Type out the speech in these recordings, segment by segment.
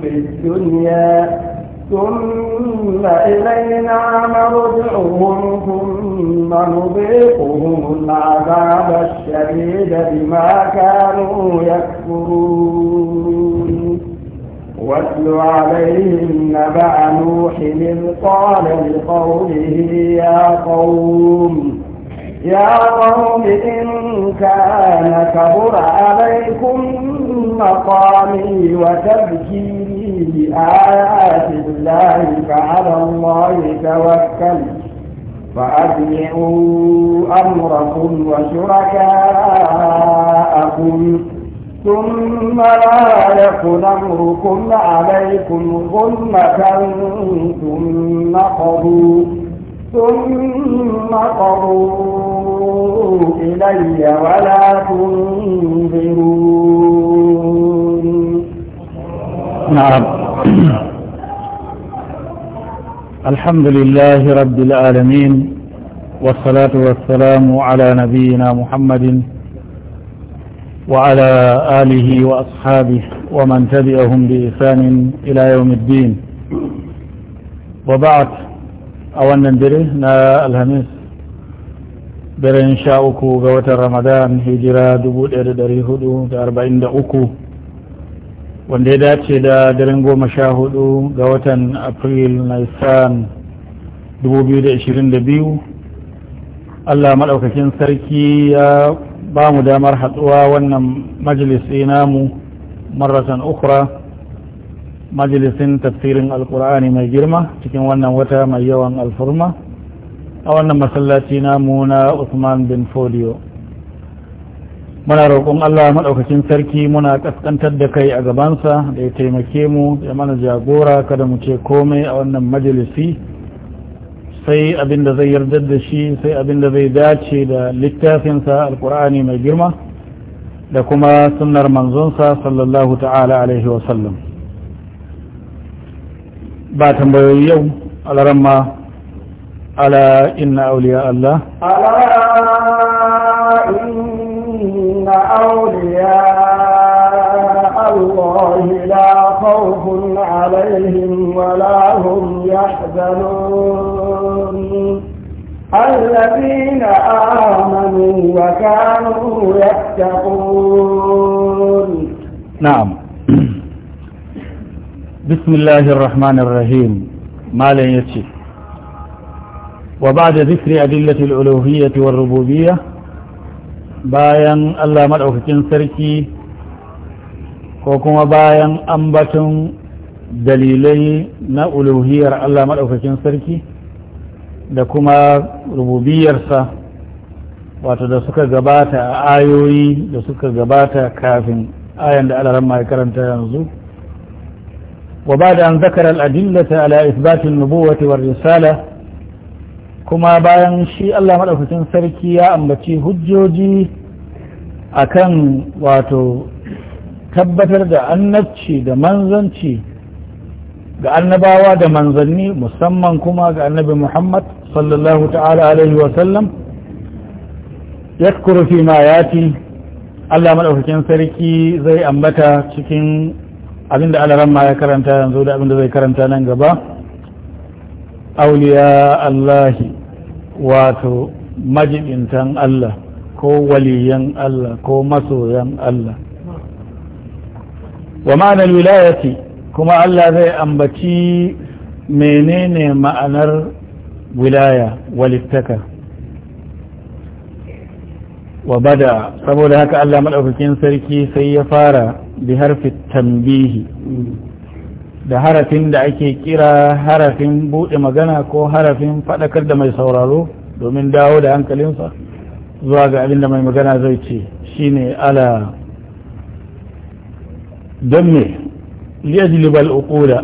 في الدنيا ثم إلينا مرجعهم ثم نضيقهم العذاب الشديد بما كانوا يكفرون واتل عليهم نبأ نوح إذ قال لقومه يا قوم يا قوم إن كان كبر عليكم مقامي وتذكيري بآيات الله فعلى الله توكل فأجمعوا أمركم وشركاءكم ثم لا يكن أمركم عليكم ظلمة ثم قضوا ثم قضوا إلي ولا تنظرون نعم الحمد لله رب العالمين والصلاة والسلام على نبينا محمد وعلى آله وأصحابه ومن تبعهم بإحسان إلى يوم الدين وبعد a wannan dare na alhamis daren sha uku ga watan ramadan hijira 1443 wanda ya dace da daren goma sha hudu ga watan april nisan 2022 allah maɗaukakin sarki ya ba mu damar haɗuwa wannan majalisi namu maratan ukura majalisin tafsirin alkur'ani mai girma cikin wannan wata mai yawan alfurma a wannan masallaci namu na usman bin folio muna roƙon allah maɗaukacin sarki muna ƙasƙantar da kai a gabansa da ya taimake mu ya mana jagora kada mu ce komai a wannan majalisi sai abin da zai yardar da shi sai abin da zai dace da littafinsa alkur'ani mai girma da kuma sunnar manzonsa sallallahu ta'ala alaihi wasallam ba tambayoyi yau alaran ma ala inna auliya Allah ala inna auliya Allah la khawfun alaihim wa la hum yahzanun الذين آمنوا وكانوا يتقون نعم bismillahir rahmanir rahim malam yace wa ba'da zikri adillatil uluhiyyati war rububiyyah bayan Allah madaukakin sarki ko kuma bayan ambaton dalilai na uluhiyar Allah maɗaukakin sarki da kuma rububiyarsa wato da suka gabata a ayoyi da suka gabata kafin ayan da alaramma ya karanta yanzu وبعد أن ذكر الأدلة على إثبات النبوة والرسالة كما بيان شيء الله ملأفتن سركيا أمتي هجوجي أكن واتو tabbatar da annabci da manzanci ga annabawa da manzanni musamman kuma ga annabi Muhammad sallallahu ta'ala alaihi wasallam ya fi ma yati Allah maɗaukakin sarki zai ambata cikin abinda alaran ma ya karanta yanzu da abinda zai karanta nan gaba auliya allahi wato majibintan allah ko waliyan allah ko masoyan allah wa ma'anar wilayati kuma allah zai ambaci menene ma'anar wilaya walittaka wa bada saboda haka Allah maɗaukakin sarki sai ya fara bi harfin tambihi da harafin da ake kira harafin buɗe magana ko harafin faɗakar da mai sauraro domin dawo da hankalinsa zuwa ga abin da mai magana zai ce shine ala don me liyajlibal uquda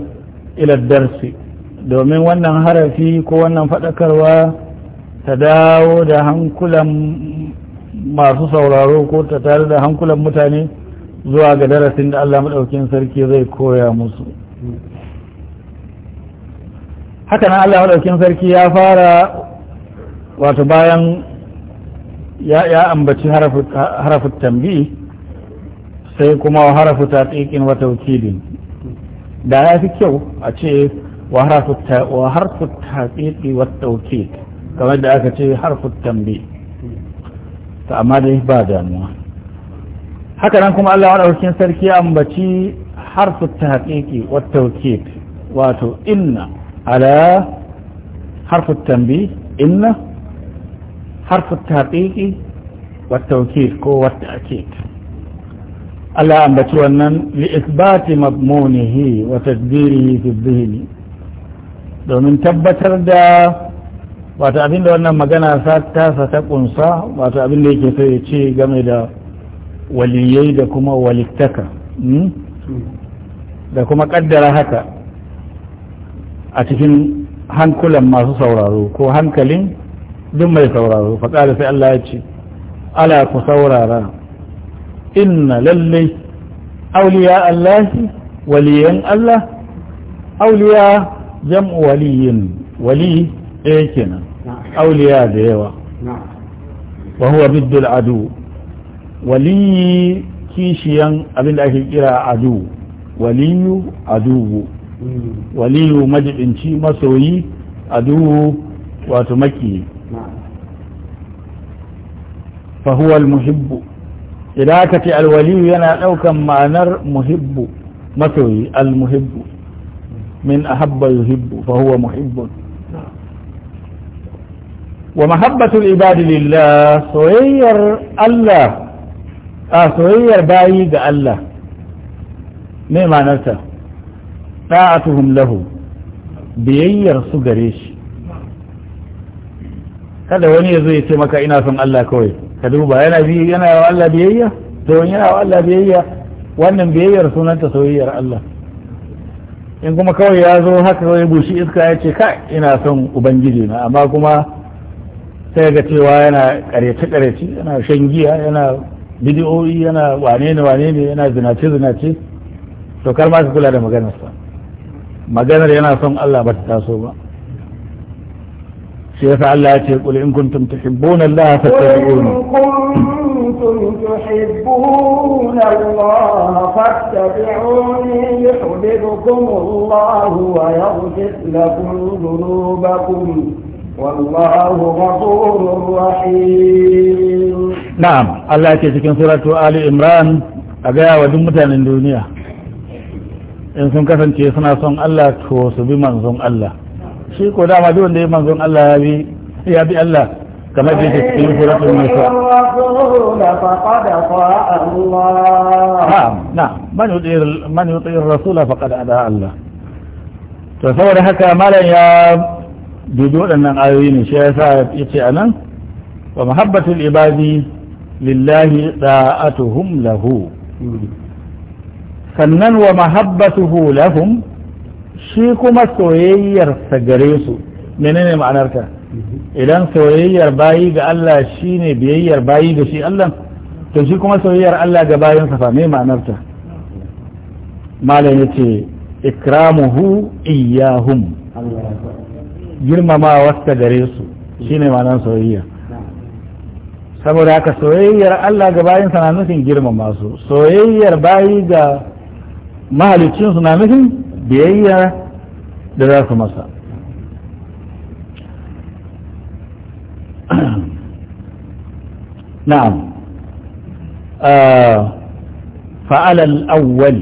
ila darsi domin wannan harafi ko wannan faɗakarwa ta dawo da hankulan masu sauraro ko ta tare da hankulan mutane zuwa ga darasin da Allah maɗaukin sarki zai koya musu haka nan Allah maɗaukin sarki ya fara wato bayan ya ambaci harafin tambi sai kuma harafin tsikin wata wakilin da ya fi kyau a ce wa harafin tsiki wata wakil kamar da aka ce harafin tambi ta amma dai ba damuwa haka nan kuma Allah wani ɗaukin sarki ya ambaci harfu ta haƙiƙi wata wato inna ala harfu tambi inna harfu ta haƙiƙi wata ko wata akid Allah ambaci wannan li isbati madmunihi wa tadbirihi fi dhihni domin tabbatar da wato abinda wannan magana ta tasa ta kunsa wato abinda yake so ya ce game da waliyai da kuma walittaka hmm? da kuma kaddara haka a cikin hankulan masu sauraro ko hankalin duk mai sauraro faƙari sai Allah ya ce ala ku saurara inna lallai auliya Allah waliyan Allah auliya jam'u waliyin wali ɗaya kenan أولياء ديوة نعم. وهو ضد العدو ولي كيشيا أبن أكي إلى عدو ولي عدو ولي مجد إنشي مسوي عدو واتمكي نعم. فهو المحب إذا كتي الولي ينا ما نر محب مسوي المحب من أحب يحب فهو محب wa mahabbatul ibadi lillah soyayyar Allah a soyayyar bayi ga Allah me ma'anarta da'atuhum lahu biyayyar su gare shi kada wani yazo ya ce maka ina son Allah kawai ka duba yana bi yana wa Allah biyayya to yana wa Allah biyayya wannan biyayyar sunanta soyayyar Allah in kuma kawai ya zo haka kawai bushi iska ya ce ka ina son ubangiji na amma kuma sai ga cewa yana karyace-karyace yana shan giya yana bidiyoyi yana wane ne wane ne yana zinace-zinace to kar ma ka kula da maganar sa maganar yana son Allah ba ta taso ba shi yasa Allah ya ce qul in kuntum tuhibbuna Allah fattabi'uni kuntum tuhibbuna Allah fattabi'uni yuhibbukum Allah wa yaghfir والله غفور رحيم نعم الله ke cikin suratu Ali Imran a gaya wa duk mutanen duniya in sun kasance suna son Allah to su bi manzon Allah shi ko dama duk wanda ya manzon Allah ya bi ya bi Allah kamar da yake cikin suratu na'am na'am man yuti man yuti ar-rasul faqad ada Allah to saboda haka malam ya dudu waɗannan ayoyi ne shi yasa ya ce a nan wa mahabbatul ibadi lillahi da'atuhum lahu sannan wa mahabbatuhu lahum shi kuma soyayyar sa gare su menene ma'anar ka idan soyayyar bayi ga Allah shine biyayyar bayi ga shi Allah to shi kuma soyayyar Allah ga bayin sa fa me ma'anar ta malam yace ikramuhu iyyahum Allah girmamawa wasta gare su shine ma'anar soyayya saboda haka soyayyar Allah ga bayinsa na nufin girmama su soyayyar bayi ga mahalicinsu na nufin biyayya da za su masa na'am fa'alal awwal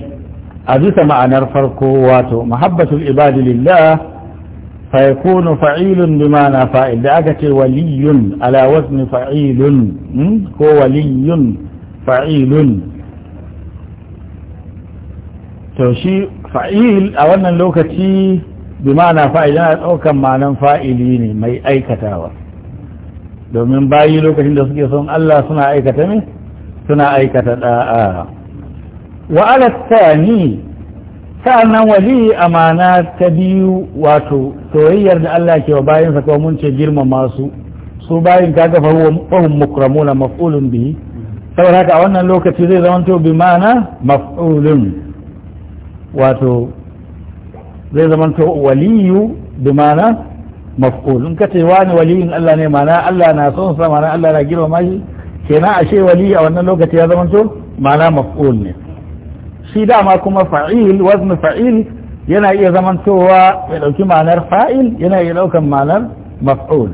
a bisa ma'anar farko wato mahabbatul ibadi lillah فيكون فعيل بمعنى فاعل دعك ولي على وزن فعيل هو ولي فعيل توشي فعيل أولا لوكتي بمعنى فاعل أو كم معنى فاعلين مي أي كتاوة domin bayi lokacin da suke son Allah suna aikata ne suna aikata da'a wa ala tsani sa'annan wali amana ta biyu wato soyayyar da Allah ke wa bayansa kuma mun ce girmama su su bayin fahu fahim mukramuna maf'ulun bi saboda haka a wannan lokaci zai zama to bi ma'ana maf'ulun wato zai zama to waliyu bi ma'ana maf'ulun, in kace wani waliyin Allah ne ma'ana Allah na son sa ma'ana Allah na girmama shi kenan ashe wali a wannan lokaci ya zama to ma'ana maf'ul ne shi dama kuma fa'il wazn fa'il yana iya zaman zamantowa ya dauki ma'anar fa'il yana iya daukan ma'anar maf'ul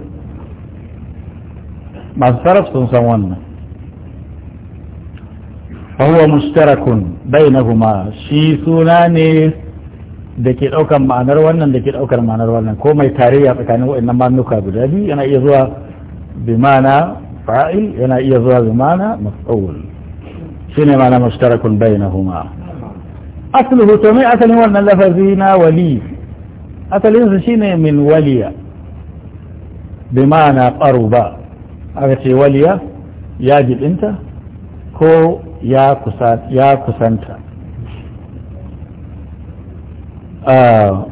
masu sarraf sun san wannan fa huwa مشترك bainahuma shi suna ne da ke ɗaukar ma'anar wannan da ke ɗaukar ma'anar wannan ko mai tarayya tsakanin wa'annan manuka guda biyu yana iya zuwa bi ma'ana fa'il yana iya zuwa bi ma'ana maf'ul shine ma'ana mushtarakun bainahuma asluhu to mai asalin wannan lafazi na wali asalinsa shine min waliya bi ma'ana ba. aka ce waliya ya jibinta ko ya kusanta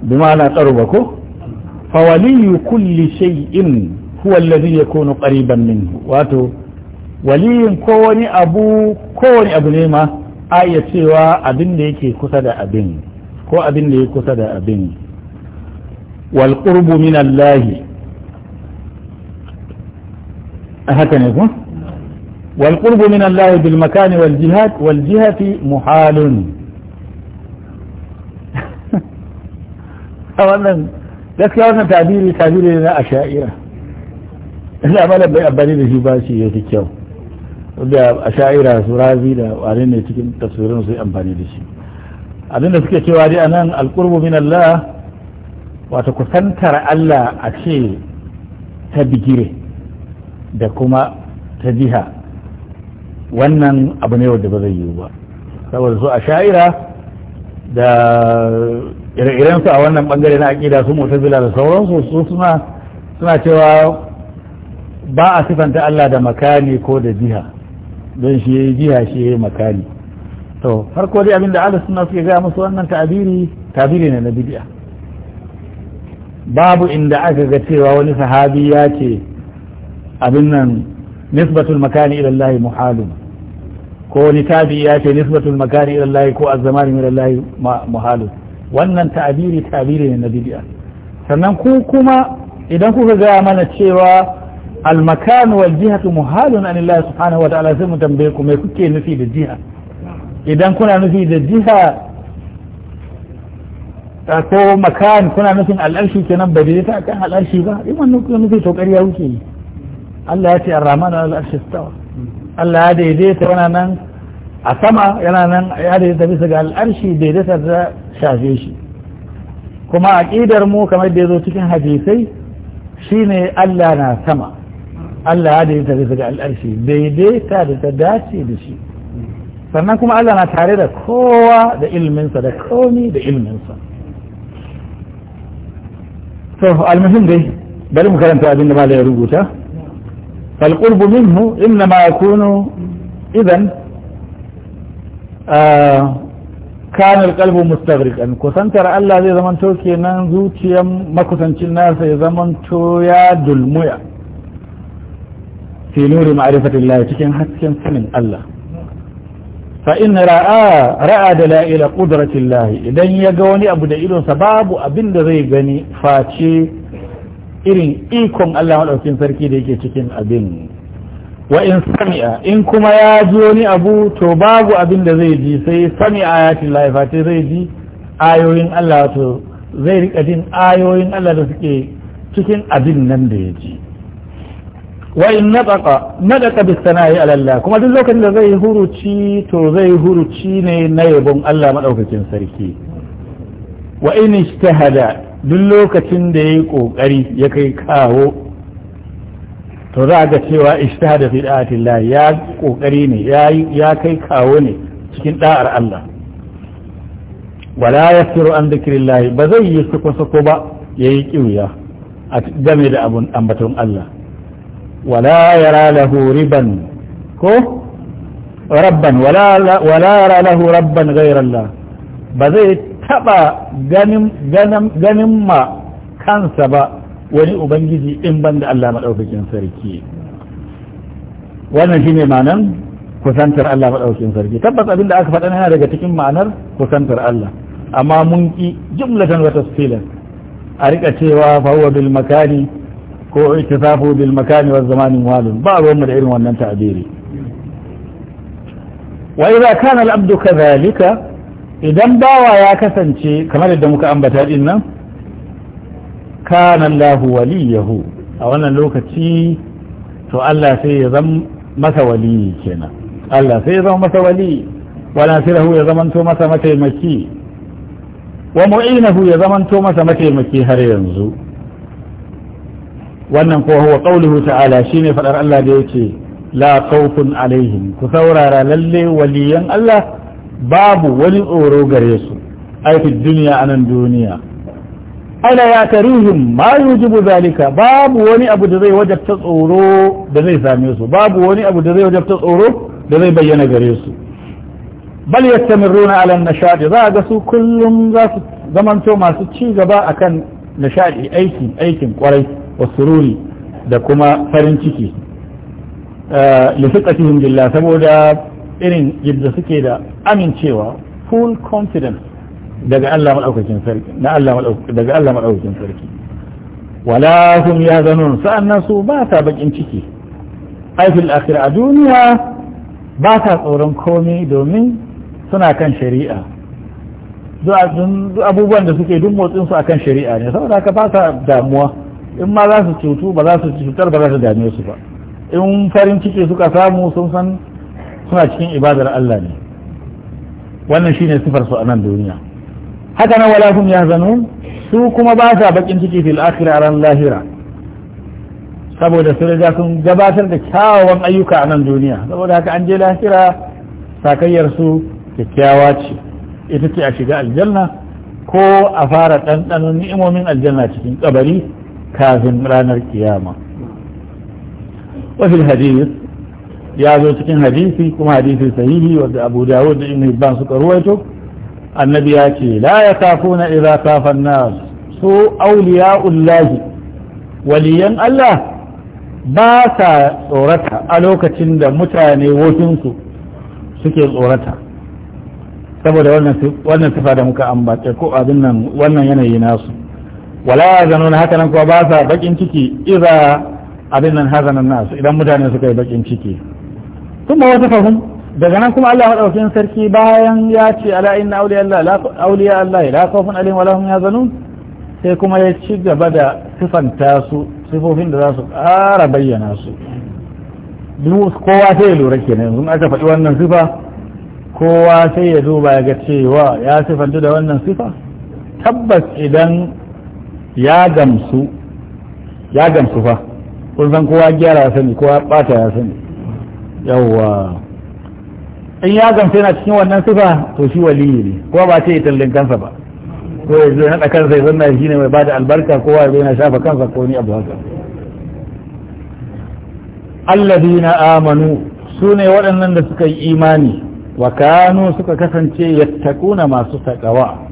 bi ma'ana ba ko fa waliyu kulli shay'in huwa alladhi yakunu qariban minhu wato waliyin ko wani abu ko wani abu ne ma a'ya iya cewa abin da yake kusa da abin ko abin da ya kusa da abin wal qurbu min Allah haka ne ku wal qurbu min Allah bil makani wal jihad wal jihati muhalun a wannan gaskiya wannan tabiri tabiri na asha'ira ina malam bai abani da shi ba shi yake kyau wanda a sha'ira su razi da wane ne cikin tafsirin su amfani da shi abinda suke cewa dai anan alƙurbu min Allah wato kusantar Allah a ce ta bigire da kuma ta jiha wannan abu ne wanda ba zai yiwu ba saboda su a sha'ira da ire-irensu a wannan bangare na aƙida su mutazila da sauransu su suna suna cewa ba a sifanta Allah da makani ko da jiha don shi ya yi shi ya yi makali to farko dai abinda ala suna suke gaya musu wannan tabiri tabiri ne na bid'a babu inda aka ga cewa wani sahabi ya ce abin nan nisbatul makani ila Allah muhalun ko wani tabi ya ce nisbatul makani ila Allah ko azzamani ila Allah muhalun wannan tabiri tabiri ne na bid'a sannan ku kuma idan kuka gaya mana cewa almakan wal jihatu muhalun an Allah subhanahu wa ta'ala sai mu tambaye ku me kuke nufi da jiha idan kuna nufi da jiha ko makan kuna nufin al'arshi kenan ba da ta kan al'arshi ba in wannan nufin nufi ya wuce yi Allah ya ce ar-rahman al'arshi stawa Allah ya daidaita yana nan a sama yana nan ya daidaita bisa ga al'arshi daidaita da shafe shi kuma aqidar mu kamar da yazo cikin hadisai shine Allah na sama Allah ya daidaita bisa ga al'arshi daidaita da ta dace da shi sannan kuma Allah na tare da kowa da ilminsa da komi da ilminsa so almuhim dai bari mu abin da malai rubuta fal qurbu minhu inna ma yakunu idan kana alqalbu mustaghriqan kusantar Allah zai zamanto kenan zuciyar makusancin nasa ya zaman ya dulmuya fi nuri ma'rifatillah cikin hasken sanin Allah fa in ra'a ra'a dalail qudratillah idan ya ga wani abu da idonsa babu abin da zai gani face irin ikon Allah madaukakin sarki da yake cikin abin wa in sami'a in kuma ya ji wani abu to babu abin da zai ji sai sami ayatin lahi face zai ji ayoyin Allah to zai rika jin ayoyin Allah da suke cikin abin nan da ya ji wa in nadaka nadaka bis sana'i ala Allah kuma duk lokacin da zai huruci to zai huruci ne na yabon Allah madaukakin sarki wa in ijtahada duk lokacin da yayi kokari ya kai kawo to za ga cewa ijtihada fi da'ati Allah ya kokari ne ya kai kawo ne cikin da'ar Allah wala yasiru an dhikrillah ba zai yi suko suko ba yayi kiwiya a game da abun ambaton Allah wala yara lahu riban ko rabban wala yara lahu rabban gairallah ba zai taɓa ganin ma kansa ba wani ubangiji in ban da Allah maɗaukakin sarki wannan shine ma'anar kusantar Allah maɗaukakin sarki tabbas abin da aka faɗa yana daga cikin ma'anar kusantar Allah amma mun ki jumlatan wa tafsilan a riƙa cewa fa huwa bil makani ko ittisafu bil makani waz zamanin walin ba ruwan mu da irin wannan ta'abiri wa idza kana al abdu kadhalika idan bawa ya kasance kamar yadda muka ambata din nan kana Allahu waliyahu a wannan lokaci to Allah sai ya zama masa wali kenan Allah sai ya zama masa wali wa nasirahu ya zamanto masa mataimaki wa mu'inahu ya zamanto masa mataimaki har yanzu wannan ko huwa qauluhu ta'ala shine fadar Allah da yake la khawfun alaihim ku saurara lalle waliyan Allah babu wani tsoro gare su aiki duniya anan duniya ala ya tarihim ma yujibu zalika babu wani abu da zai wajabta tsoro da zai same su babu wani abu da zai wajabta tsoro da zai bayyana gare su bal yastamirruna ala nashadi za ga su kullum za su zamanto masu ci gaba akan nashadi aikin aikin kwarai wasururi da kuma farin ciki eh, lifiqatihim billah saboda irin yadda suke da amincewa full confidence daga Allah madaukakin sarki na wala hum sa'annan su ba sa bakin ciki ai akhir a duniya ba sa tsoron komai domin suna kan shari'a duk abubuwan da suke duk motsinsu akan shari'a ne saboda haka ba sa damuwa in ma za su cutu ba za su cutar ba za su dame su ba in farin ciki suka samu sun san suna cikin ibadar Allah ne wannan shine sifar su a nan duniya haka nan wala hum yahzanun su kuma ba sa bakin ciki fil akhirah ran lahira saboda sun riga sun gabatar da kyawawan ayyuka a nan duniya saboda haka an je lahira sakayyar su kyakkyawa ce ita ce a shiga aljanna ko a fara ɗanɗanon ni'imomin aljanna cikin kabari kafin ranar kiyama wafil hadis ya zo cikin hadisi kuma hadisi sahihi wanda abu da ibn hibban suka ruwaito annabi ya ce la yakafuna idza kafa an-nas su awliya'ullahi waliyan Allah ba sa tsorata a lokacin da mutane wasunsu suke tsorata saboda wannan sifa da muka ambata ko abin nan wannan yanayi nasu wala yazanuna haka nan kuwa ba sa bakin ciki idza abin nan hazanan nasu idan mutane suka yi bakin ciki kuma wata fahim daga nan kuma Allah madaukakin sarki bayan ya ce ala inna awliya Allah la Allah khawfun al'im wala hum yazanun sai kuma ya ci gaba da sifanta su sifofin da za su ƙara bayyana su duk kowa sai ya lura kenan yanzu aka faɗi wannan sifa kowa sai ya duba ya ga cewa ya sifanta da wannan sifa tabbas idan ya gamsu ya gamsu fa kun san kowa gyara ya sani kowa bata ya sani yawwa in ya gamsu yana cikin wannan sifa to shi waliyi ne kowa ba ce yi tallin kansa ba ko ya zo naɗa kansa ya zanna shi ne mai bada albarka kowa ya zo yana shafa kansa ko ni abu haka alladina amanu su ne waɗannan da suka yi imani wa kanu suka kasance yattakuna masu taƙawa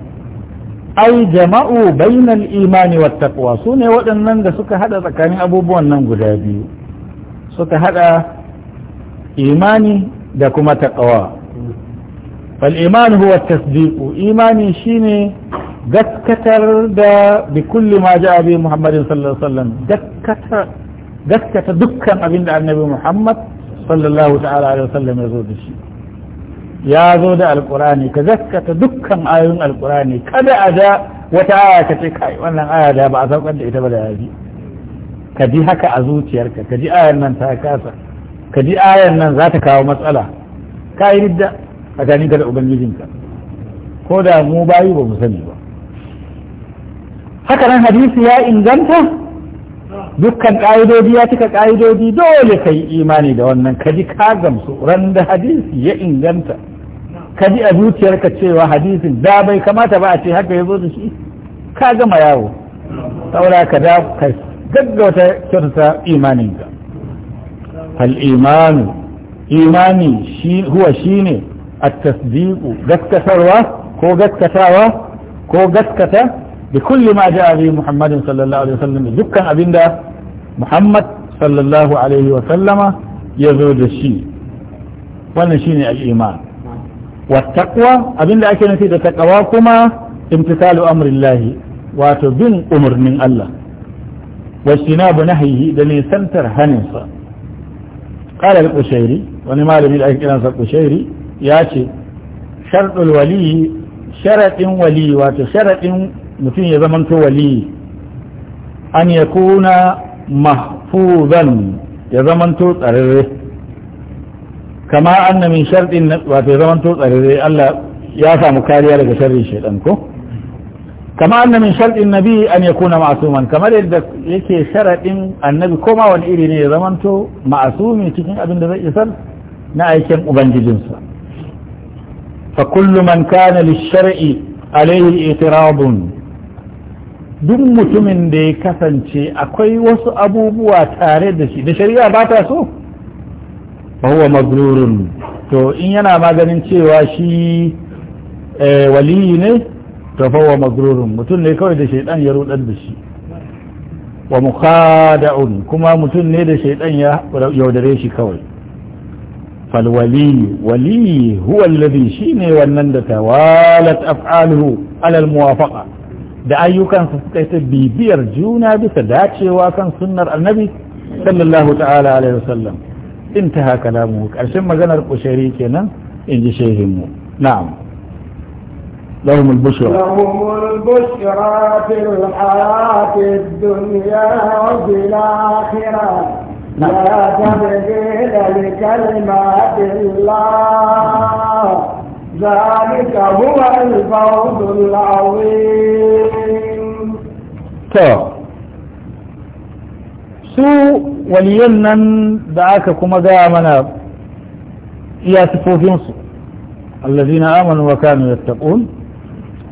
ai jama'u bainal imani wat taqwa su ne waɗannan da suka hada tsakanin abubuwan nan guda biyu suka hada imani da kuma taqwa fal iman huwa tasdiqu imani shine gaskatar da bi kulli ma ja'a bi muhammadin sallallahu alaihi wasallam gaskata gaskata dukkan abin da annabi muhammad sallallahu ta'ala alaihi wasallam ya zo da shi ya zo da alkurani ka zaskata dukkan ayoyin alkurani kada a da wata aya ka ce kai wannan aya da ba a saukar da ita ba da yaji ka ji haka a zuciyarka ka ji ayan nan ta kasa ka ji ayan nan za ta kawo matsala ka yi ridda tsakaninka da ubangijinka ko da mu bayu ba mu sani ba haka nan hadisi ya inganta dukkan ƙa'idodi ya cika ƙa'idodi dole ka yi imani da wannan ka ji ka gamsu ran da hadisi ya inganta ka ji a zuciyarka cewa hadisin da bai kamata ba a ce haka ya zo da shi ka gama yawo saboda ka da ka gaggauta kyautata imaninka hal imanu imani shi huwa shine at-tasdiqu gaskatarwa ko gaskatawa ko gaskata bi kulli ma ja'a bi Muhammadin sallallahu alaihi wasallam dukkan abinda Muhammad sallallahu alaihi wasallama ya zo da shi wannan shine al-iman wattaqwa abinda ake nufi da taqwa kuma imtithalu amrillahi wato bin umarnin Allah wajtinabu nahyihi da nisantar haninsa Ƙarar al wani malami da ake kiransa qushairi ya ce sharɗul wali sharaɗin wali wato sharaɗin mutum ya zamanto wali an kuna mahfuzan ya zamanto tsararre kama anna min sharɗin wato zaman to tsarere Allah ya samu kariya daga sharrin shaidan ko kama anna min sharɗin nabi an ya kuna ma'asuman kamar yadda yake sharaɗin annabi ko ma wani iri ne ya zaman to ma'asumi cikin abin da zai isar na aikin ubangijinsa fa kullu man kana lishar'i alaihi i'tirabun duk mutumin da ya kasance akwai wasu abubuwa tare da shi da shari'a ba ta so huwa magrurun to in yana maganin cewa shi eh, waliyi ne to huwa magrurun mutum ne kawai da shaidan ya rudar da shi wa mukhada'un kuma mutum ne da shaidan ya yaudare shi kawai fal wali wali huwa alladhi ne wannan da tawalat af'aluhu ala al muwafaqa da ayyukansa suka ta bibiyar juna bisa dacewa kan sunnar annabi sallallahu ta'ala alaihi wasallam انتهى كلامه كرشن قال القشيري كنا إن جي شيهم نعم لهم البشرى لهم البشرى في الحياة الدنيا وفي الآخرة نعم. لا تبديل لكلمات الله ذلك هو الفوز العظيم تو طيب. سو waliyan nan da aka kuma gaya mana iya sifofinsu allazina amanu wa kanu yattaqun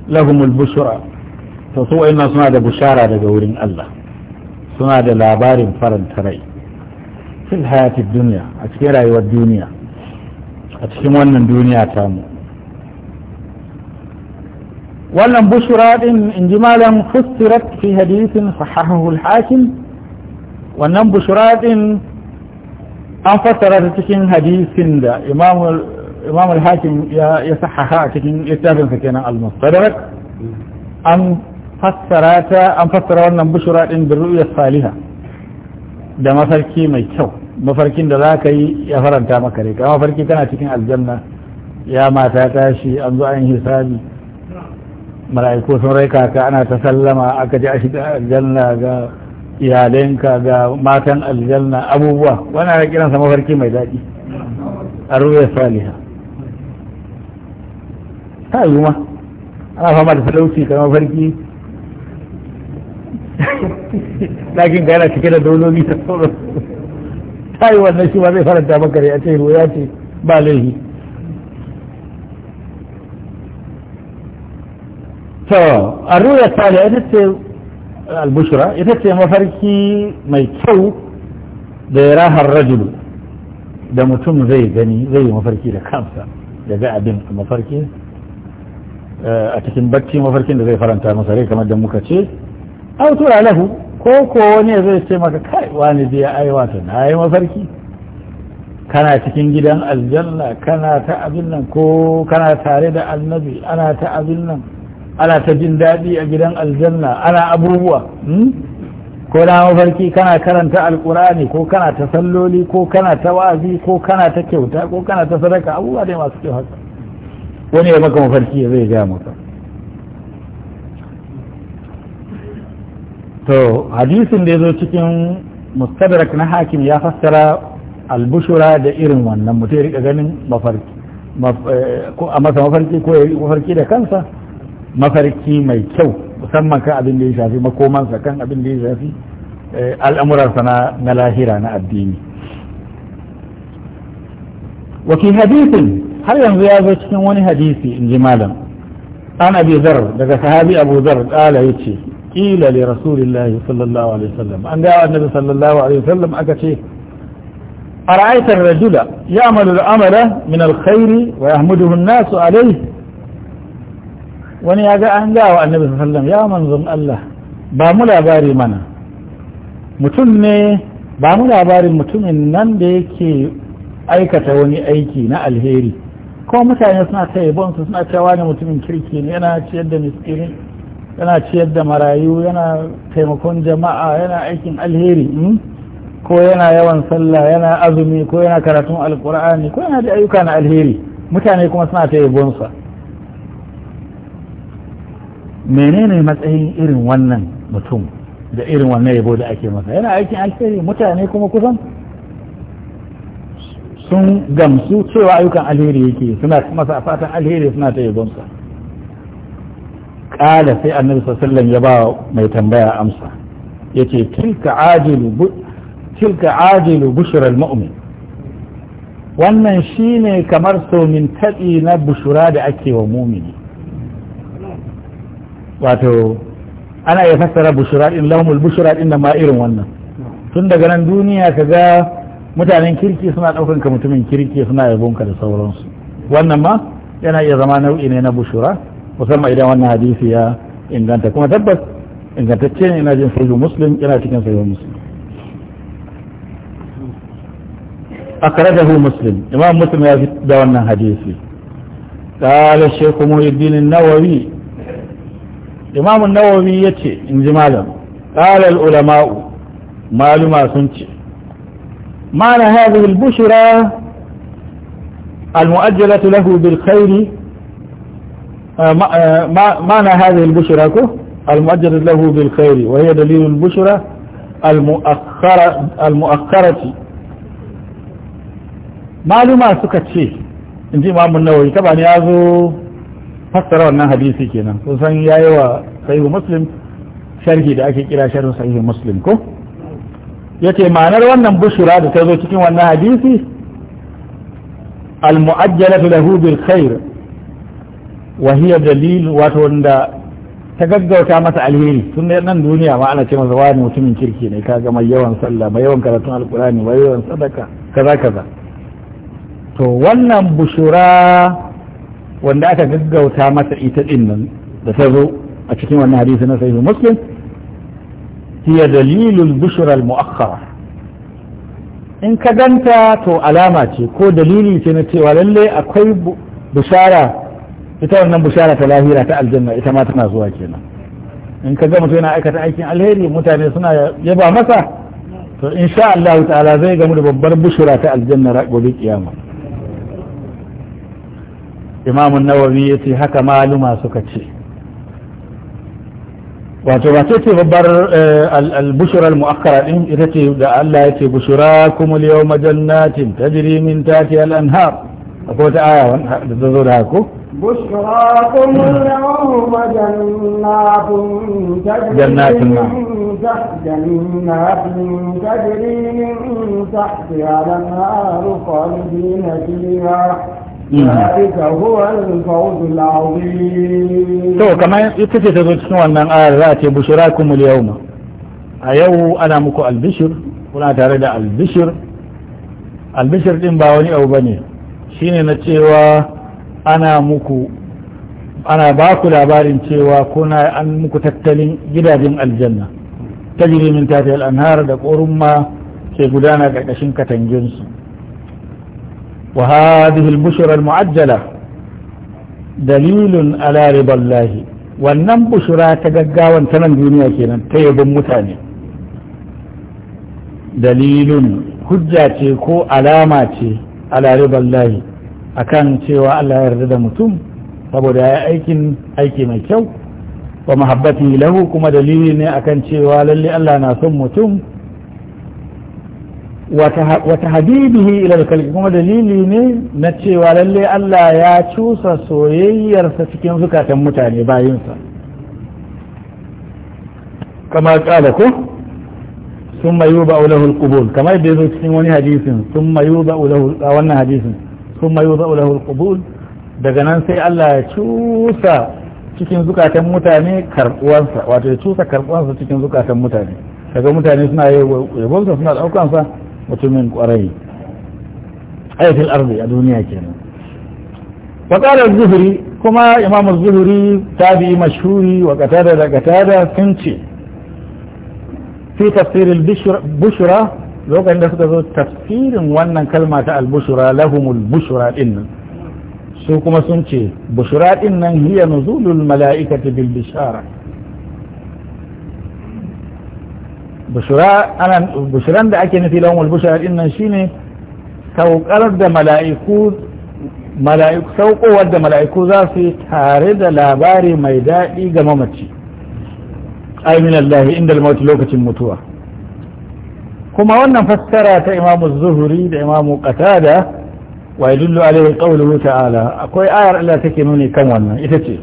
lahumul bushra to su wa'annan suna da bushara daga wurin Allah suna da labarin faranta rai fil hayati duniya a cikin rayuwar duniya a cikin wannan duniya tamu wannan bushra din in ji malam fustirat fi hadisin sahahu al-hakim wannan bushura din an fassara ta cikin hadisin da imam al-hakim ya sahaha a cikin littafinsa kenan al-mustadrak an fassara ta an fassara wannan bushura din da ru'ya saliha da mafarki mai kyau mafarkin da za ka yi ya faranta maka rai kama mafarki tana cikin aljanna ya mata tashi an zo an hisabi mala'iku sun rai kaka ana ta sallama aka ji a shiga aljanna ga iyalinka ga matan aljanna abubuwa wani ana kiransa mafarki mai daɗi a ruwa saliha ta yi ma ana fama da talauci kamar mafarki ɗakin ga yana cike da dolomi ta sauran ta yi wannan shi ba zai faranta maka ya ce ruwa ce ba laifi to a ruwa saliha ita ce Albushra ita ce mafarki mai kyau da ya rahar rajulu da mutum zai gani zai yi mafarki da kamsa, ya ga abin mafarki eh, a cikin bacci mafarkin da zai faranta masa rai kamar da muka ce au tura lahu ko ko wani zai ce maka kai wani je ya aiwata na yi mafarki kana cikin gidan aljanna kana ta abin nan ko kana tare da annabi ana ta abin nan ana ta jin daɗi a gidan aljanna ana abubuwa hmm? ko na mafarki kana karanta alkurani ko kana ta salloli ko kana ta wa'azi ko kana ta kyauta ko kana ta sadaka abubuwa dai masu kyau haka wani ya maka mafarki zai gaya maka to hadisin da ya zo cikin mustadrak na hakim ya fassara albushura da irin wannan mutum ya rika ganin mafarki eh, a masa mafarki ko ya mafarki da kansa mafarki mai kyau musamman kan abin da ya shafi makomansa kan abin da ya shafi eh, al'amuransa na lahira na addini wafi hadisin har yanzu ya zo cikin wani hadisi in ji malam an abi zar daga sahabi abu zar kala ya ce kila li rasulillahi sallallahu alaihi wasallam an ga annabi sallallahu alaihi wasallam aka ce ara'aita rajula ya'malu al-amala min al-khairi wa yahmuduhu an-nasu alaihi wani ya ga an gawa annabi sallam ya manzon Allah ba mu labari mana mutum ne ba mu labarin mutumin nan da yake aikata wani aiki na alheri ko mutane suna ta yabon su suna cewa ne mutumin kirki ne yana ciyar da miskiri yana ciyar da marayu yana taimakon jama'a yana aikin alheri hmm? ko yana yawan sallah yana azumi ko yana karatun alkur'ani ko yana da ayyuka na alheri mutane kuma suna ta yabon sa menene matsayin irin wannan mutum da irin wannan yabo da ake masa yana aikin alheri mutane kuma kusan sun gamsu cewa ayyukan alheri yake suna masa fatan alheri suna ta yabonsa kala sai annabi sallallahu ya ba mai tambaya amsa yace tilka ajilu tilka ajilu bushral mu'min wannan shine kamar somin taɗi na bushura da ake wa mumini wato ana iya fassara bushura in lahumul bushura inda ma irin wannan tun daga nan duniya ka ga mutanen kirki suna ɗaukan ka mutumin kirki suna yabon ka da sauransu wannan ma yana iya zama nau'i ne na bushura musamman idan wannan hadisi ya inganta kuma tabbas ingantacce ne ina jin sahihu muslim yana cikin sahihu muslim akrajahu مسلم imam مسلم ya fi da wannan hadisi قال الشيخ محي الدين النووي imam nawawi ya ce in ji malam ƙalar ulama'u maluma sun ce mana haɗe bushira almu'ajjalatu lahu bil khairi mana haɗe bushira ko almu'ajjalatu lahu bil khairi wa yi suka ce in ji imam nawawi ya zo fassara wannan hadisi kenan kun san yayi wa sahihu muslim sharhi da ake kira sharhin sahihu muslim ko yace ma'anar wannan bushura da ta zo cikin wannan hadisi al lahu bil khair wa hiya dalil wato wanda ta gaggauta masa alheri tun da nan duniya ma ana ce masa wani mutumin kirki ne kaga mai yawan sallah mai yawan karatun alkurani mai yawan sadaka kaza kaza to wannan bushura wanda aka gaggauta masa ita din nan da ta zo a cikin wannan hadisi na sahihu muslim hiya dalilul bushra al in ka ganta to alama ce ko dalili ce na cewa lalle akwai bushara ita wannan bushara ta lahira ta aljanna ita ma tana zuwa kenan in ka gama yana aikata aikin alheri mutane suna yaba masa to insha Allah ta'ala zai gamu da babbar bushra ta aljanna gobe kiyama imamun nawawi ya ce haka maluma suka ce wato wace ce babbar al-bushra al-mu'akkara din ita ce da Allah ya ce kuma kumul majannatin jannatin tajri min tahtiha al-anhar akwai wata aya da ta zo da hako بشراكم اليوم جنات جنات جنات تجري من تحتها الانهار خالدين فيها Mm. to kamar ita ce ta zo cikin wannan ayar za a ce bushirakum al-yawma a yau ana muku albishir kuna tare da albishir albishir din ba wani abu ba ne shi ne na cewa ana muku ana ba ku labarin cewa kuna an muku tattalin gidajen aljanna ta jirimin tafi al'anhar da korumma ke gudana ƙarƙashin katanginsu وهذه البشرى المعجلة دليل على رضا الله wannan bushura ta gaggawan ta nan duniya kenan ta yabon mutane dalilun hujja ce ko alama ce ala A akan cewa Allah ya yarda da mutum saboda ya aikin aiki mai kyau wa mahabbati lahu kuma dalili ne akan cewa lalle Allah na son mutum wata habibihi ila kalbi kuma dalili ne na cewa lalle Allah ya cusa soyayyarsa cikin zukatan mutane bayinsa kama kala ko sun mayu ba ulahul qubul kamar da yazo cikin wani hadisin sun mayu ba ulahul a wannan hadisin sun mayu ba ulahul daga nan sai Allah ya cusa cikin zukatan mutane karbuwansa wato ya cusa karbuwansa cikin zukatan mutane daga mutane suna yabonsa suna daukansa mutumin kwarai ayatul arziki a duniya kenan wa qala az-zuhri kuma imam az-zuhri tabi'i mashhuri wa qatada da qatada sun ce fi tafsir al lokacin da suka zo tafsirin wannan kalma ta al lahumul bushra din su kuma sun ce bushra din nan hiya nuzulul mala'ikati bil bishara bushran da ake nufi lawan bushra din nan shine saukar da mala'iku saukowar da mala'iku za su yi tare da labari mai daɗi ga mamaci amin inda al lokacin mutuwa kuma wannan fassara ta imamu zuhuri da imamu qatada wa yadullu alaihi qawluhu ta'ala akwai ayar Allah take nuni kan wannan ita ce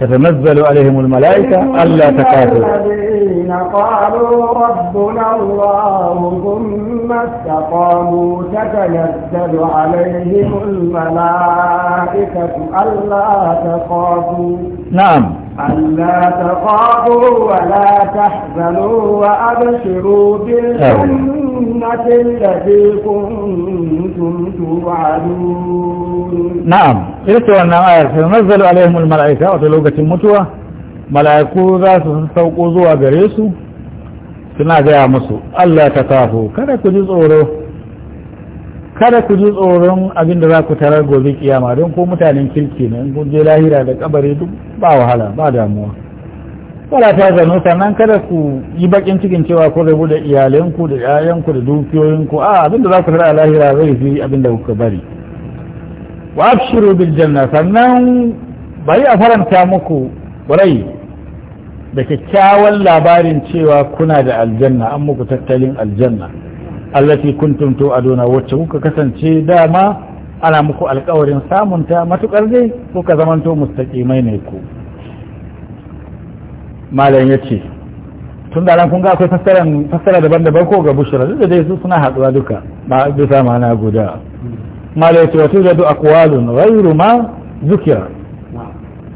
تتنزل عليهم الملائكة ألا تقاتل الذين قالوا ربنا الله ثم استقاموا تتنزل عليهم الملائكة ألا تخافوا نعم ألا تخافوا ولا تحزنوا وأبشروا بالجنة na'am wannan التي كنتم توعدون نعم إلتوا أن آية lokacin mutuwa malaiku za su sauko zuwa gare su suna gaya musu Allah ta kafo kada ku ji tsoro kada ku ji tsoron abin da za ku tarar gobe kiyama don ko mutanen kirki ne kun je lahira da kabari duk ba wahala ba damuwa wala ta zanu sannan kada ku yi bakin cikin cewa ku rabu da iyalanku da 'ya'yanku da dukiyoyinku a abin da za ku tara lahira zai fi da kuka bari wa abshiru bil janna sannan bari a faranta muku rai da kyakkyawan labarin cewa kuna da aljanna an muku tattalin aljanna allati kuntum aduna wacce kuka kasance dama ana muku alkawarin samunta matukar dai kuka zamanto mustaqimai ne ku malam ya ce tun da ran kun ga akwai fassara daban-daban ko ga bushra duk da dai su suna haɗuwa duka ba a bisa ma'ana guda malam ya ce wato da duk akwalun ghairu ma zukira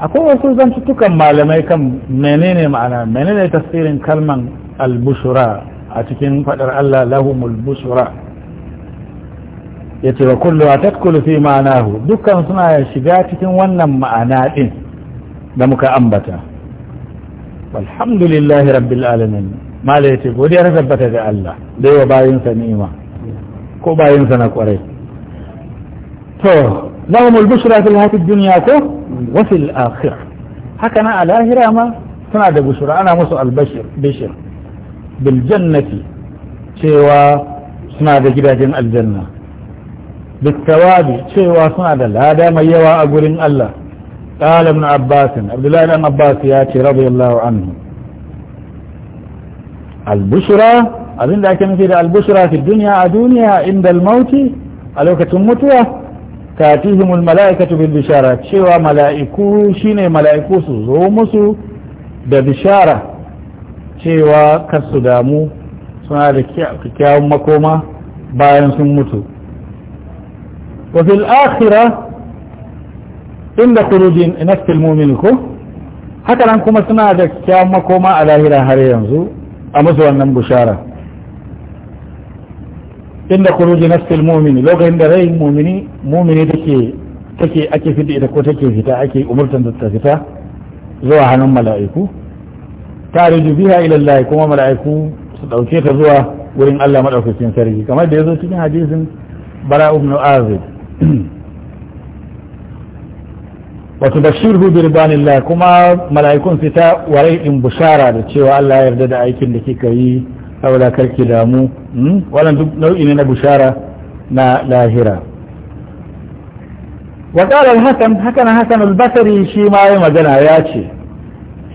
akwai wasu zantuttukan malamai kan menene ma'ana menene tasirin kalman al a cikin fadar Allah lahumul bushra yace wa kullu tadkhulu fi ma'nahu dukkan suna shiga cikin wannan ma'ana din da muka ambata alhamdulillahi rabbil alamin mala yace godiya ta tabbata ga Allah da yawa bayin sa ni'ima ko bayin na kwarai to lahum al fil hayati dunya ko wa fil akhirah haka na alahira ma suna da bushra ana musu albashir bishir bil jannati cewa suna da gidajen aljanna bitawabi cewa suna da lada mai yawa a gurin Allah قال ابن ya عبد الله بن عباس ياتي رضي الله عنه abinda ake nufi da albushra fi dunya a duniya inda almauti a lokacin mutuwa tatihimul mala'ikatu bil bishara cewa mala'iku shine mala'iku su zo musu da bishara cewa kar su damu suna da kyakkyawan makoma bayan sun mutu wa fil akhirah inda kurujin na filmomin ko haka nan kuma suna da kyan makoma a lahira har yanzu a musu wannan bushara inda kurujin na filmomin lokacin da rai mumini mumini take ake fita ita ko take fita ake umurtan da ta fita zuwa hannun mala'iku ta ruju biya ila kuma mala'iku su dauke ta zuwa wurin Allah madaukakin sarki kamar da ya zo cikin hadisin bara ibn azib wato bashiru bi ribanillah kuma mala'ikun fita warai in bushara da cewa Allah ya yarda da aikin da kika yi saboda karki damu wannan duk nau'i ne na bushara na lahira wa qala al-hasan hakan hasan al-basri shi ma yayi magana ya ce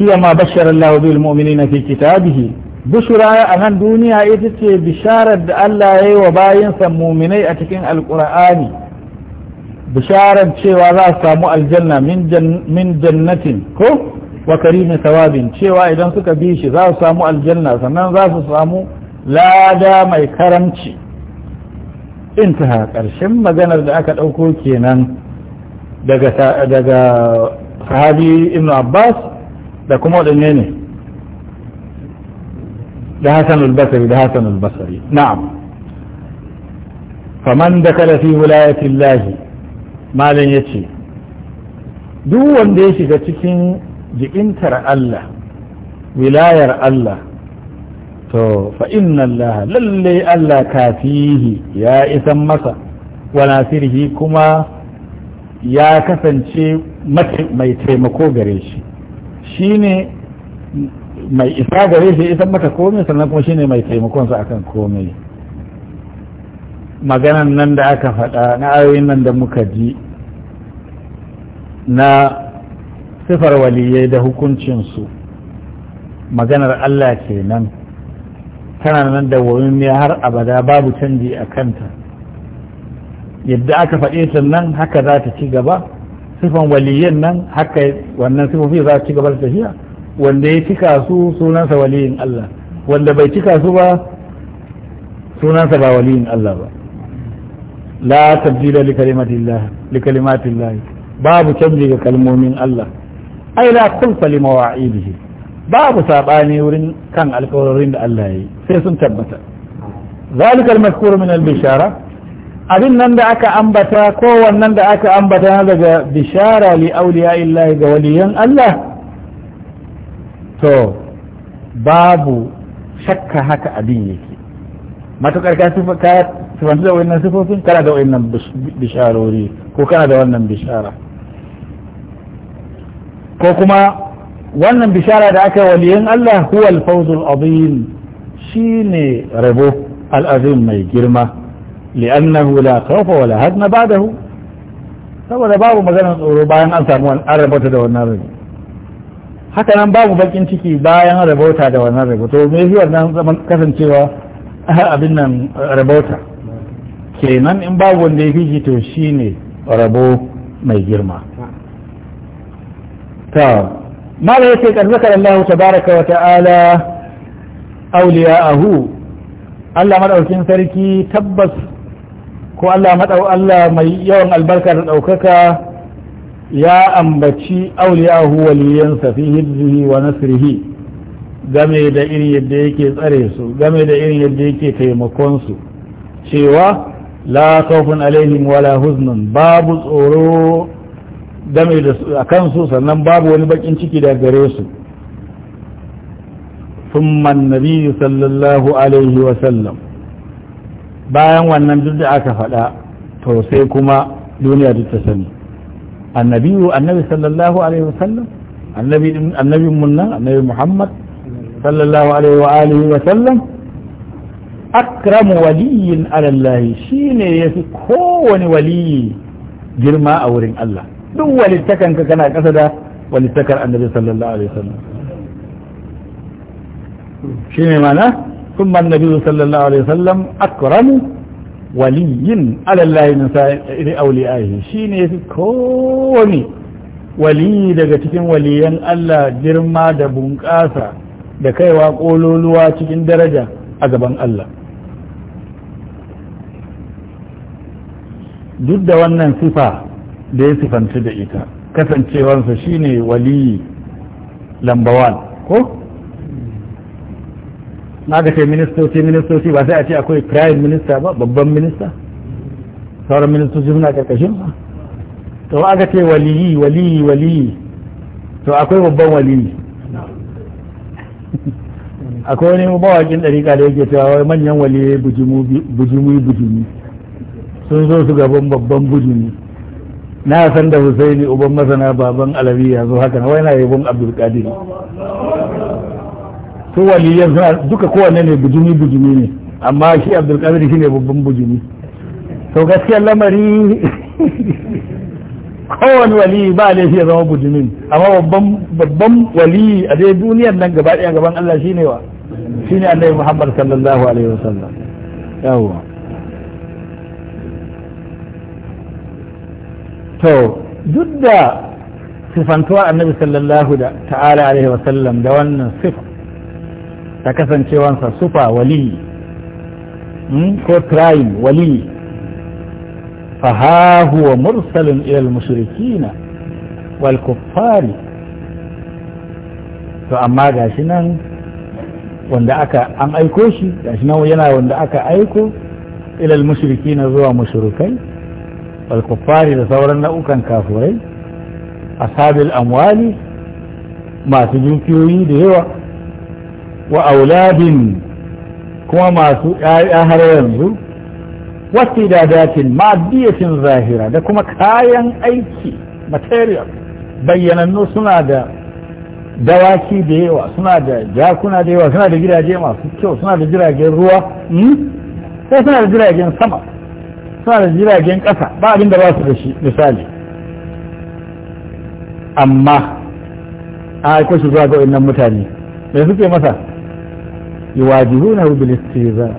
hiya ma bashara Allah bil mu'minina fi kitabihi bushra a nan duniya ita ce bisharar da Allah ya yi wa bayinsa mu'minai a cikin alqur'ani bisharar cewa za su samu aljanna min jannatin ko wa karimin sawabin cewa idan suka bi shi za su samu aljanna sannan za su samu lada mai karamci intaha ƙarshen maganar da aka ɗauko kenan daga sahabi ibn abbas da kuma waɗanne ne da hassan al da hassan Albasari na'am kamar da kala fi wilayatin lahi Malin ya ce duk wanda ya shiga cikin jikintar Allah wilayar Allah to fa inna Allah lalle Allah kafihi ya isan masa wa nasirhi kuma ya kasance mai taimako gare shi shine mai isa gare shi isan mata komai sannan kuma shine mai taimakonsa akan komai maganan nan da aka faɗa na ayoyin nan da muka ji na sifar waliyai da hukuncinsu maganar Allah kenan tana nan da ne har abada babu canji a kanta yadda aka faɗe ta nan haka za ta ci gaba sifan waliyan nan haka wannan sifofi za ta ci gaba da tafiya wanda ya cika su sunansa waliyin Allah wanda bai cika su ba sunansa ba waliyin Allah ba la tabdila li kalimatillah li kalimatillah babu canji ga kalmomin Allah ai la kulfa li mawa'idihi babu sabani wurin kan alƙawarin da Allah yi sai sun tabbata zalika al-mazkur min al-bishara abin nan da aka ambata ko wannan da aka ambata daga bishara li awliya illahi ga waliyan Allah to babu shakka haka abin yake matukar ka sifa ka da wannan sifofin kana da wannan bisharori ko kana da wannan bishara ko kuma wannan bishara da aka waliyin Allah huwa al-fawzul azim shine rabo al-azim mai girma li'annahu la khawfa wa la hadna ba'dahu saboda babu magana tsoro bayan an samu an rabota da wannan rabo haka nan babu bakin ciki bayan rabota da wannan rabo to me yi wannan zaman kasancewa abin nan rabota kenan in babu wanda ya fi to shine rabo mai girma ta mala yace kan zakar Allah tabaraka wa ta'ala awliya'ahu Allah madaukin sarki tabbas ko Allah من Allah mai yawan albarkar da daukaka ya ambaci awliya'ahu waliyansa fi wa game da irin yadda yake tsare su game da irin yadda yake taimakon su cewa la khawfun alaihim wala huznun babu tsoro game da a kansu sannan babu wani bakin ciki da gare su ثم النبي sallallahu alaihi عليه وسلم bayan wannan duk da aka faɗa to sai kuma duniya duk ta sani annabiyu annabi sallallahu alaihi wasallam annabi annabi munna annabi muhammad sallallahu alaihi wa alihi wa sallam akramu waliyin ala Allah shine yafi kowani waliyi girma a wurin Allah duk walittakan ka kana kasa da walittakar annabi sallallahu alaihi wasallam ne mana ثم النبي صلى الله عليه وسلم أكرم ولي على min من سائر shi ne في كوني ولي daga cikin waliyan Allah girma da bunƙasa da kaiwa ƙololuwa cikin daraja a gaban Allah duk da wannan sifa da ya sifanci da ita kasancewansa shine waliyi lambawan ko na ga sai ministoci ministoci ba sai a ce akwai prime minister ba babban minista sauran ministoci suna karkashin ba to aka ce waliyi waliyi waliyi to akwai babban waliyi akwai wani mabawakin ɗariƙa da yake cewa wai manyan waliyi bujumi bujumi sun zo su gaban babban bujumi na san da husaini uban masana baban alawi yanzu haka na waina yabon abdulkadir su ya suna duka kowanne ne bujumi bujumi ne amma shi abdulkadir shi ne babban bujumi to gaskiyar lamari kowane wali ba shi ya zama bujumin amma babban wali a dai duniyar nan gaba daya gaban Allah shine wa shine annabi Muhammad sallallahu alaihi wasallam yawwa to duk da sifantuwa annabi sallallahu da ta'ala alaihi wasallam da wannan sifa ta kasancewansa sufa wali hmm, ko prime wali fa ha huwa mursalun ila mushrikina wal kuffari to amma ga shi nan wanda aka an aiko shi ga shi nan yana wanda aka aiko ilal mushrikina zuwa mushrikai alkufari da sauran nau'ukan kafurai asabil amwali masu dukiyoyi da yawa wa auladin kuma masu ƴaƴa har yanzu wasu dadatin ma'adiyacin zahira da kuma kayan aiki material bayyanannu suna da dawaki da yawa suna da jakuna da yawa suna da gidaje masu kyau suna da jiragen ruwa sai suna da jiragen sama suna da jiragen ƙasa ba abin da ba su da shi misali amma a aiko shi zuwa ga wannan mutane me suke masa yuwajihuna bil istiza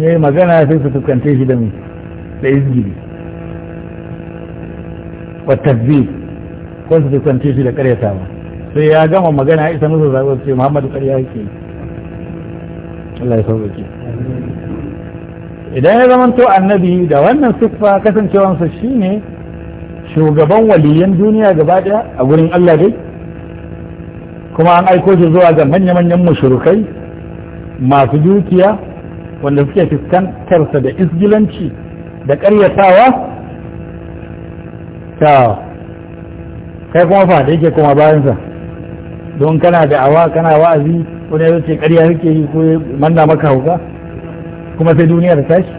yi magana sai su fuskante shi da mai da izgiri wa zai ko su fuskante shi da sama sai ya gama magana isa musu zaɓar ce muhammadu karya yake Allah ya sauƙaƙe idan ya zamanto annabi da wannan siffa kasancewansa shine shugaban waliyan duniya gaba daya a gurin Allah dai kuma an aiko shi zuwa ga manya-manyan mushrikai masu dukiya wanda suke fuskantarsa da isgilanci da ƙaryatawa ta kai kuma fa da yake kuma bayansa don kana da awa kana wa'azi wani ya ce ƙarya yake yi ko manna maka hauka kuma sai duniya da tashi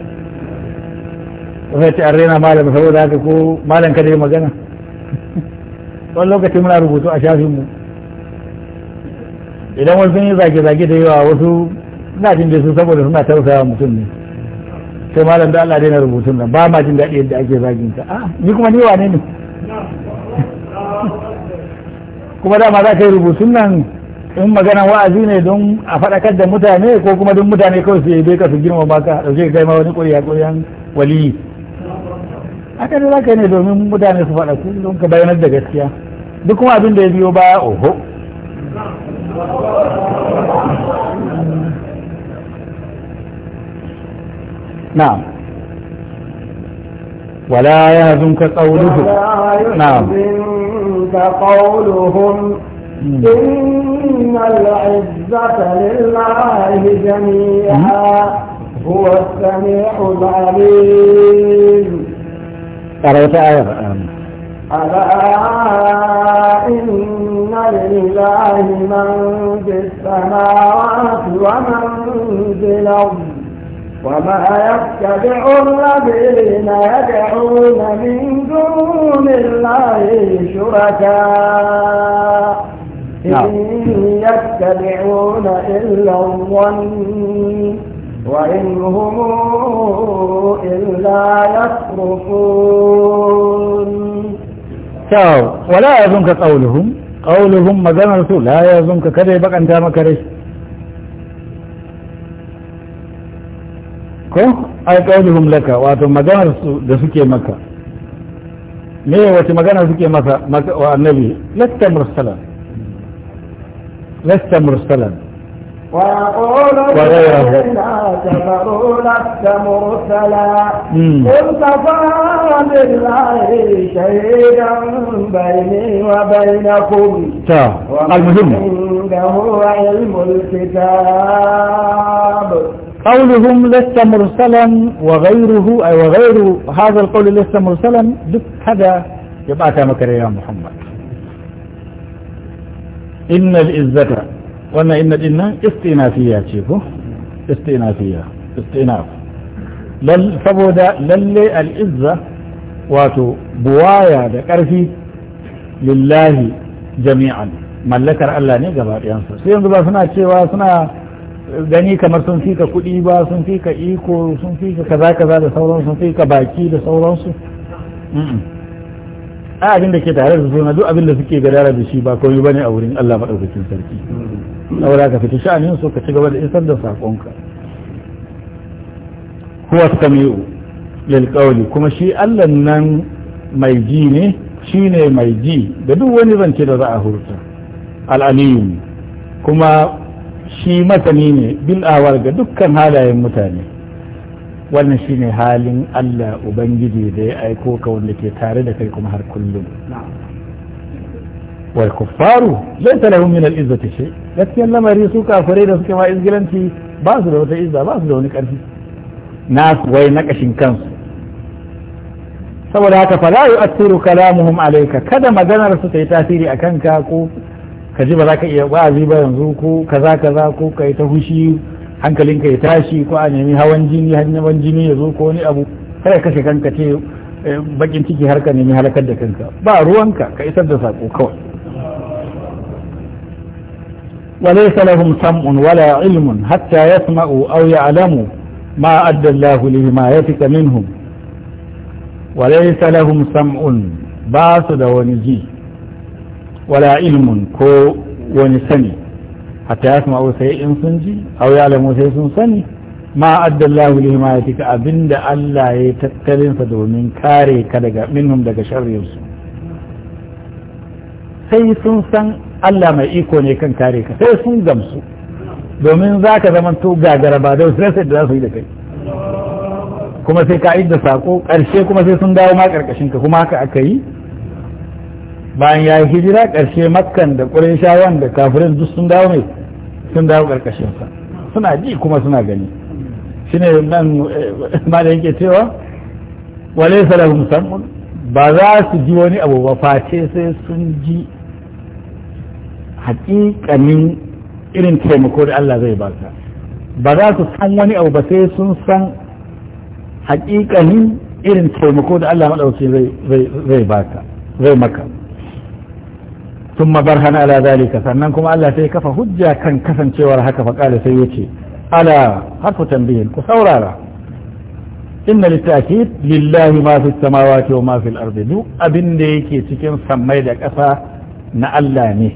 zai ce an na malam saboda haka ko malam kada yi magana wani lokaci muna rubutu a shafinmu idan wasu sun yi zage-zage da yawa wasu suna jin da su saboda suna tausaya mutum ne sai malam da Allah daina rubutun nan ba ma jin daɗi yadda ake zagin ka a ah, ni kuma ni wane ne kuma dama za ka yi rubutun nan in magana wa'azi ne don a faɗakar da mutane ko kuma don mutane kawai su yi ka su girma ba ka ɗauke kai ma wani ƙuriya ƙuriyan waliyi haka ne zaka ne domin mutane su faɗa don ka bayanar da gaskiya duk kuma abin da ya biyo baya oho na'am ولا يهزمك قولهم نعم قولهم إن العزة لله جميعا هو السميع العليم قرأت آية ألا إن لله من في السماوات ومن في الأرض وما يتبع الذين يدعون من دون الله شركاء نعم. يتبعون إلا الظن وإن هم إلا يصرفون تاو ولا يظنك قولهم قولهم ما جمع رسول لا يظنك كذي بقى انت ما كريس كو اي قولهم لك واتو ما جمع رسول ده سكي مكة ليه واتو ما جمع رسول مكة والنبي لا تتمر السلام لست مرسلا ويقول الذين كفروا لست مرسلا قل كفى بالله شهيدا بيني وبينكم المهم عنده علم الكتاب قولهم لست مرسلا وغيره أي وغير هذا القول لست مرسلا هذا يبقى كما يا محمد innal izzata wannan inna din nan istinafiya ce ko istinafiya istinaf lal saboda lalle al izza wato buwaya da karfi lillahi jami'an mallakar Allah ne gaba ɗayansa sai yanzu ba suna cewa suna gani kamar sun fika kuɗi ba sun fika iko sun fika kaza kaza da sauransu sun fika baki da sauransu a abin da ke tare da suna duk abin da suke gadara da shi ba komai bane a wurin Allah madaukakin sarki saboda ka fita sha'anin so ka ci gaba da isar da sakonka huwa sami'u lil qawli kuma shi Allah nan mai ji ne shine mai ji da duk wani zance da za a hurta al kuma shi masani ne bil awar ga dukkan halayen mutane wannan shine halin Allah Ubangiji da ya aiko ka wanda ke tare da kai kuma har kullum wal kuffaru laysa lahum min al izzati shay gaskiyan lamari su kafirai da suke ma izgilanci ba su da wata izza ba su da wani karfi na wai na kashin kansu saboda haka fa la yu'athiru kalamuhum alayka kada maganar su ta yi tasiri akan ka ko ka ji ba za ka iya wa'azi ba yanzu ko kaza kaza ko kai ta hushi hankalinka ya tashi ko a nemi hawan jini hawan jini ya zo ko wani abu kai kashe kanka ce eh, bakin ciki harka ka nemi halakar da kanka ba ruwanka ka isar da sako kawai wale salahun sam'un wala ilmun hatta ya sama'u au alamu ma addallahu ma ya fita minhum wale salahun sam'un ba su da wani ji wala ilmun ko wani sani hatta yasma'u sai in sun ji aw ya'lamu sai sun sani ma addallahu li ka abinda Allah ya tattalin sa domin kare ka daga minhum daga sharrin su sai sun san Allah mai iko ne kan kare ka sai sun gamsu domin za ka zama to gagara ba da sai da za su yi da kai kuma sai ka yi da sako Karshe kuma sai sun dawo ma ƙarƙashin ka kuma haka aka yi bayan ya yi hijira karshe makkan da ƙurin shawan da kafirin duk sun dawo mai sun dawo ƙarƙashinsa suna ji kuma suna gani shi ne nan eh, ma da yake cewa wale salahun samun ba za su ji wani abu ba face sai sun ji hakikanin irin taimako da Allah zai baka ba za su san wani abu ba sai sun san hakikanin irin taimako da Allah maɗauki zai baka zai maka ثم برهن على ذلك فأنكم ألا تيكف هجة كان كفن شوار هكا فقال سيوتي ألا حرف تنبيه كثورة إن للتأكيد لله ما في السماوات وما في الأرض دو أبن ديكي تكين سميدك أفا نألاني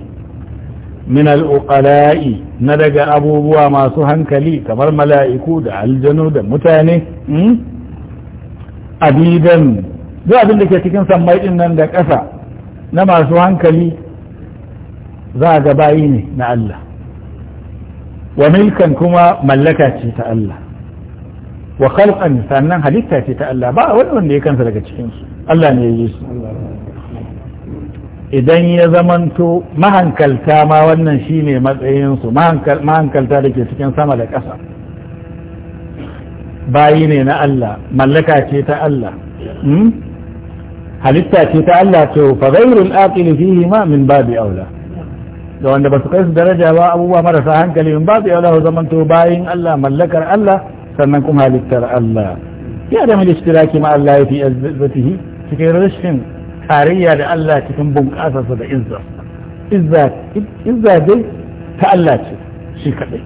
من الأقلاء ندق أبوبوا ما سهنك لي كمر ملائكو دا الجنو دا متاني أبيدا دو أبن ديكي تكين سميدك أفا na masu hankali za ga bayi ne na Allah wa milkan kuma mallaka ce ta Allah wa khalqan sannan halitta ce ta Allah ba wani wanda ya kansa daga cikinsu Allah ne ya yi su idan ya zamanto mahankalta ma wannan shi ne matsayinsu mahankalta da ke cikin sama da ƙasa bayi ne na Allah mallaka ce ta Allah hmm? halitta ce ta Allah to fa ghairul aqil fihi ma min babi aula da wanda ba su kai su daraja ba abubuwa marasa hankali in ba su yau lahu zaman to bayin Allah mallakar Allah sannan kuma halittar Allah ya da mai ishtiraki ma Allah ya fi izzatihi cikin rashin tarayya da Allah cikin bunƙasarsa da izza izza izza dai ta Allah ce shi kadai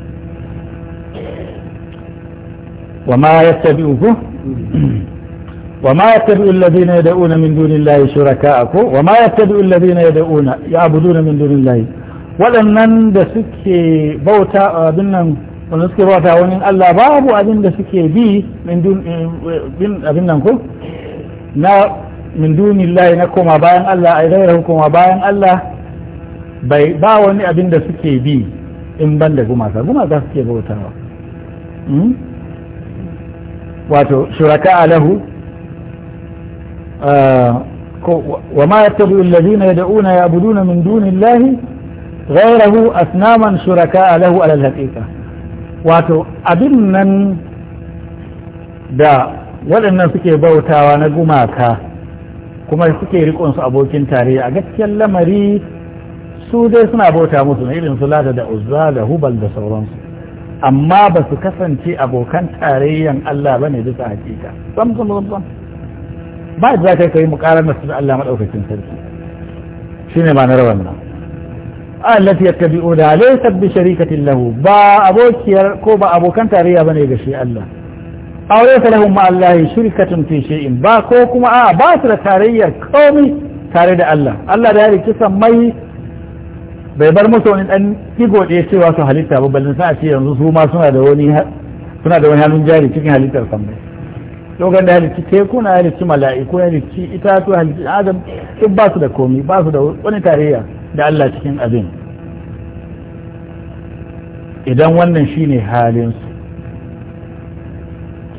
wa ma yattabi'uhu وما يتبع الذين يدعون من دون الله شركاء وما يتبع الذين يدعون يعبدون من دون الله waɗannan da suke bauta abin nan wanda suke bauta wani Allah babu abin da suke bi min abin nan ko na min dunillahi na koma bayan Allah ai gaira koma bayan Allah bai ba wani abin da suke bi in ban da gumaka gumaka suke bautawa hmm? wato shuraka lahu ah, wa ma yattabi'u alladhina yad'una ya'buduna min dunillahi ghairahu asnaman shuraka lahu alal haqiqa wato abin nan da waɗannan suke bautawa na gumaka kuma suke rikon su abokin tarayya a gaskiyar lamari su dai suna bauta musu na irin su da uzza da hubal da sauransu amma ba su kasance abokan tarayyan Allah ba ne bisa hakika sam sam sam sam ba za ka kai mukarar da Allah maɗaukacin sarki shine ma na rawan nan allati yattabi'una laysa bi sharikatin lahu ba abokiyar ko ba abokan tarayya bane ga shi Allah aw laysa lahum ma Allah shirkatun fi shay'in ba ko kuma a ba su da tarayyar komai tare da Allah Allah da ya rike mai bai bar musu wani dan digo gode cewa su halitta ba ballin sa a ce yanzu su ma suna da wani suna da wani hannun jari cikin halittar sammai dogon da halicci teku na halicci mala'iku halicci itatu halicci adam duk ba su da komi ba su da wani tarayya da Allah cikin abin idan wannan shine halinsu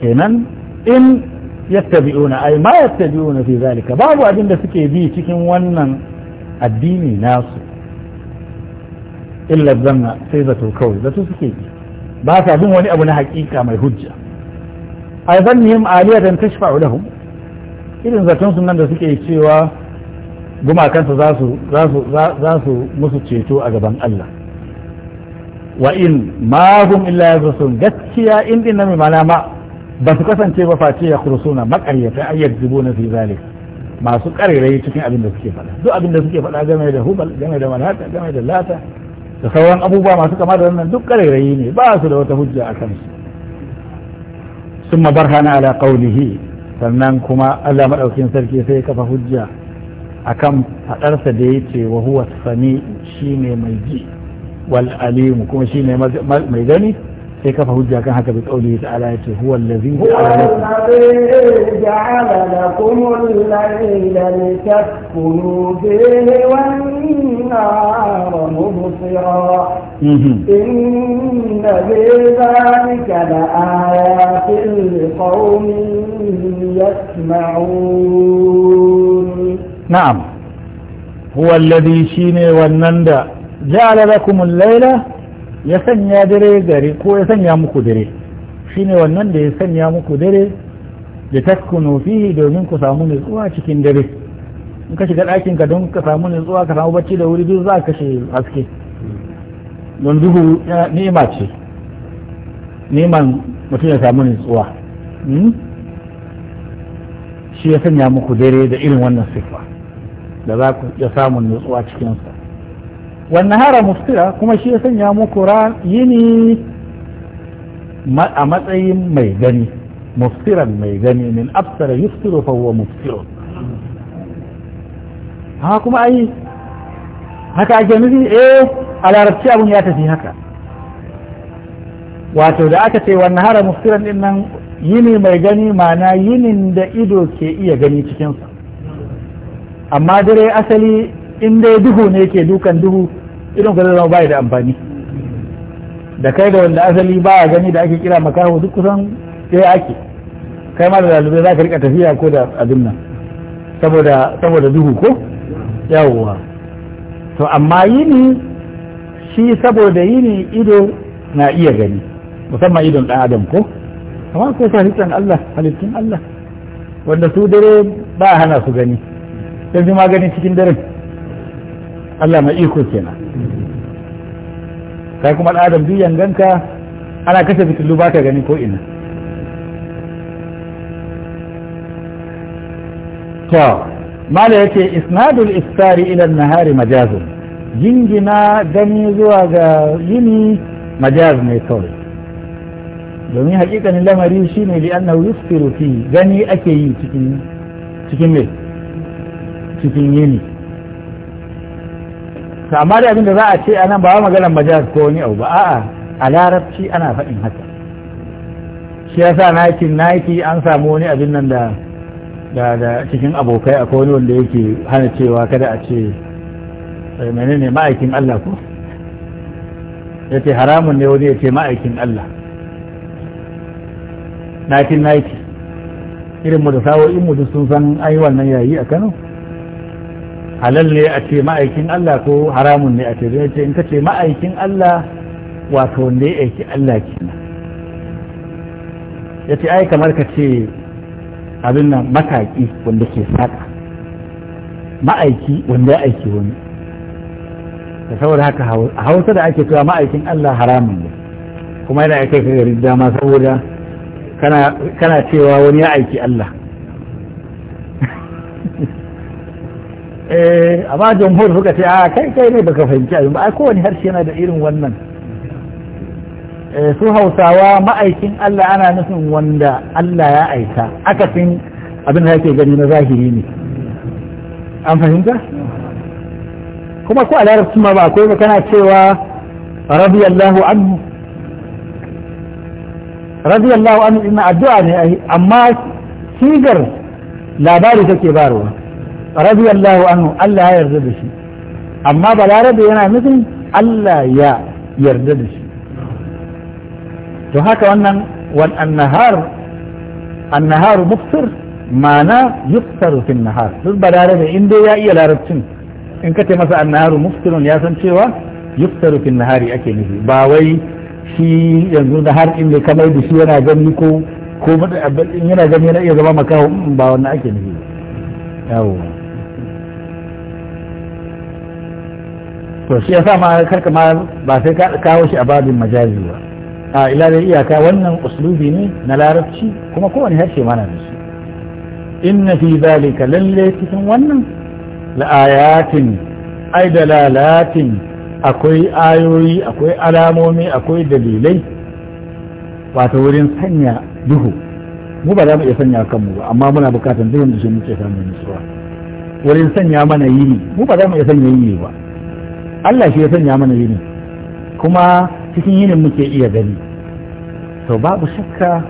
kenan in yadda yattabi'una ai ma yattabi'una fi zalika babu abin da suke bi cikin wannan addini nasu illa zanna sai zato kawai zato suke bi ba sa bin wani abu na hakika mai hujja ai zannihim aliyatan tashfa'u lahum irin zaton sunan da suke cewa gumakansa za su musu ceto a gaban Allah wa in ma hum illa yazun gaskiya in din nan mana ma ba su kasance ba face ya kursuna makaryata ayyadzibu na fi zalik masu karerai cikin abin da suke faɗa duk abin da suke faɗa game da hubal game da manhata game da lata da sauran abubuwa masu kama da wannan duk karerai ne ba su da wata hujja a kansu sun mabarhana ala qawlihi sannan kuma Allah madaukin sarki sai kafa hujja akan fadarsa da ya ce wa huwa sami shi ne mai ji wal alimu kuma shi ne mai gani sai kafa hujja kan haka bi kauli ta ala yace huwa allazi ja'ala lakum al-layla litaskunu fihi wan-nahara mubsira inna fi dhalika la'ayatin liqaumin yasma'un na'am huwa alladhi shine wannan da ja'ala lakum al-laila ya sanya dare gari ko ya sanya muku dare shine wannan da ya sanya muku dare da taskunu fihi domin ku samu nutsuwa cikin dare in ka shiga ɗakin ka don ka samu nutsuwa ka samu bacci da wuri duk za ka kashe haske don duhu ni'ima ce niman mutum ya samu nutsuwa shi ya sanya muku dare da irin wannan siffa da za ku iya samun nutsuwa cikinsa wannan hara muftira kuma shi ya sanya muku yini a matsayin mai gani muftiran mai gani min absara yuftiru fa huwa muftiru ha kuma ai haka ake nufi eh a larabci abun ya tafi haka wato da aka ce wannan hara muftiran din nan yini mai gani ma'ana yinin da ido ke iya gani cikinsa amma dare asali in dai duhu ne ke dukan duhu irin ka zama bai da amfani da kai da wanda asali ba a gani da ake kira makaho duk kusan ya ake kai ma da dalibai za ka rika tafiya ko da abin nan saboda duhu ko yawwa to amma yini shi saboda yini ido na iya gani musamman idon dan adam ko amma ko sa halittar Allah halittun Allah wanda su dare ba hana su gani yanzu magani cikin daren Allah mai iko kenan kai kuma adam duk yanganka ana kashe fitilu baka gani ko ina Ta mala yace isnadul istari ila nahari majazun jingina gani zuwa ga yini majaz mai kawai domin hakikanin lamari shine li annahu yusfiru fi gani ake yi cikin cikin mai cikin yini to amma da abin da za a ce nan ba wa maganar Majalis ko wani abu ba a'a a larabci ana faɗin haka shi yasa naki naki an samu wani abin nan da da da cikin abokai a wani wanda yake hana cewa kada a ce eh, ne ma'aikin Allah ko yace haramun ne wani yace ma'aikin Allah 1990 irin mu da sawo'in mu sun san ayi wannan yayi a Kano halal ne a ce ma'aikin Allah ko haramun ne a ce zai ce in ka ce ma'aikin Allah wato ne ya aiki Allah kenan ya ce ai kamar ka ce abin nan makaƙi wanda ke saƙa ma'aiki wanda ya aiki wani da saboda haka a hausa da ake cewa ma'aikin Allah haramun ne kuma yana aiki ka gari dama saboda kana cewa wani ya aiki Allah eh amma jamhur suka ce a kai kai ne baka fahimci abin ba ai kowane harshe yana da irin wannan eh, su hausawa ma'aikin Allah ana nufin wanda Allah ya aika aka fin abin da yake gani na zahiri ne an fahimta kuma ko a larabci ma ba akwai ba kana cewa radiyallahu anhu radiyallahu anhu ina addu'a ne amma shigar labari take barwa radiyallahu anhu Allah ya yarda da shi amma balarabe yana nufin Allah ya yarda da shi to haka wannan wal annahar annahar muftir ma'ana yuftaru fil nahar duk balarabe in dai ya iya larabcin in kace masa annahar muftirun ya san cewa yuftaru fil nahari ake nufi ba wai shi yanzu da har inda kamar da shi yana gani ko ko yana gani yana iya zama makaho ba wannan ake nufi yawo to shi yasa ma karka ma ba sai ka kawo shi a babin majazi ba a ila da iyaka wannan uslubi ne na larabci kuma kowane harshe mana da shi inna fi zalika lalle cikin wannan la'ayatin ai dalalatin akwai ayoyi akwai alamomi akwai dalilai wato wurin sanya duhu mu ba za mu iya sanya kanmu ba amma muna bukatan duhun da shi muke samun nutsuwa wurin sanya mana yini mu ba za mu iya sanya yini ba Allah shi ya sanya mana yini kuma cikin yinin muke iya gani to babu shakka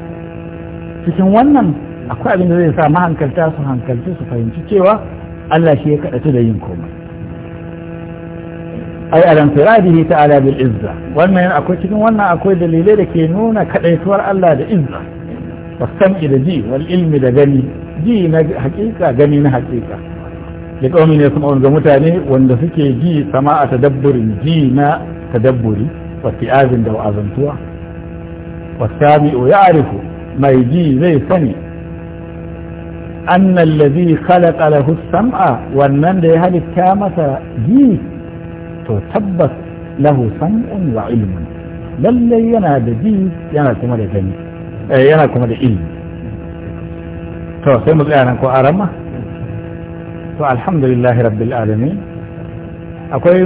cikin wannan akwai abin da zai sa mahankalta su hankalci su fahimci cewa Allah shi ya kaɗatu da yin komai ai alam firadihi ta'ala bil izza wannan akwai cikin wannan akwai dalilai da ke nuna kadaituwar Allah da izza wasam'i da ji wal ilmi da gani ji na hakika gani na hakika da ƙaumin ya sama ga mutane wanda suke ji sama a tadabburin ji na tadabburi wasu azin da wa'azantuwa wasu ya arifu mai ji zai sani annan lazi khalaqa lahu sam'a wannan da ya halitta masa ji to tabbas lahu sam'un wa ilmun lallai yana da ji yana kuma da gani yana kuma da ilmi to sai mu tsaya nan ko arama to alhamdulillah rabbil alamin akwai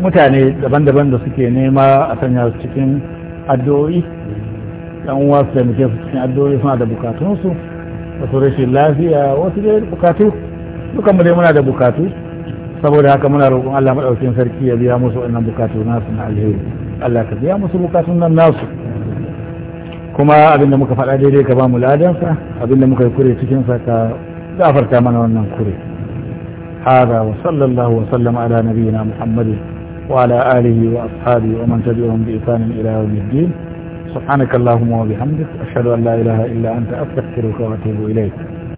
mutane daban-daban da suke nema a sanya su cikin addu'o'i dan uwa su taimake su cikin addu'o'i suna da bukatunsu wasu rashin lafiya wasu dai bukatu mu dai muna da bukatu saboda haka muna roƙon Allah maɗaukin sarki ya biya musu wannan bukatu nasu na alheri Allah ka biya musu bukatun nan nasu kuma abinda muka faɗa daidai ka ba mu ladansa abinda muka yi kure cikinsa ka gafarta mana wannan kure هذا وصلى الله وسلم على نبينا محمد وعلى آله وأصحابه ومن تبعهم بإحسان إلى يوم الدين سبحانك اللهم وبحمدك أشهد أن لا إله إلا أنت أستغفرك وأتوب إليك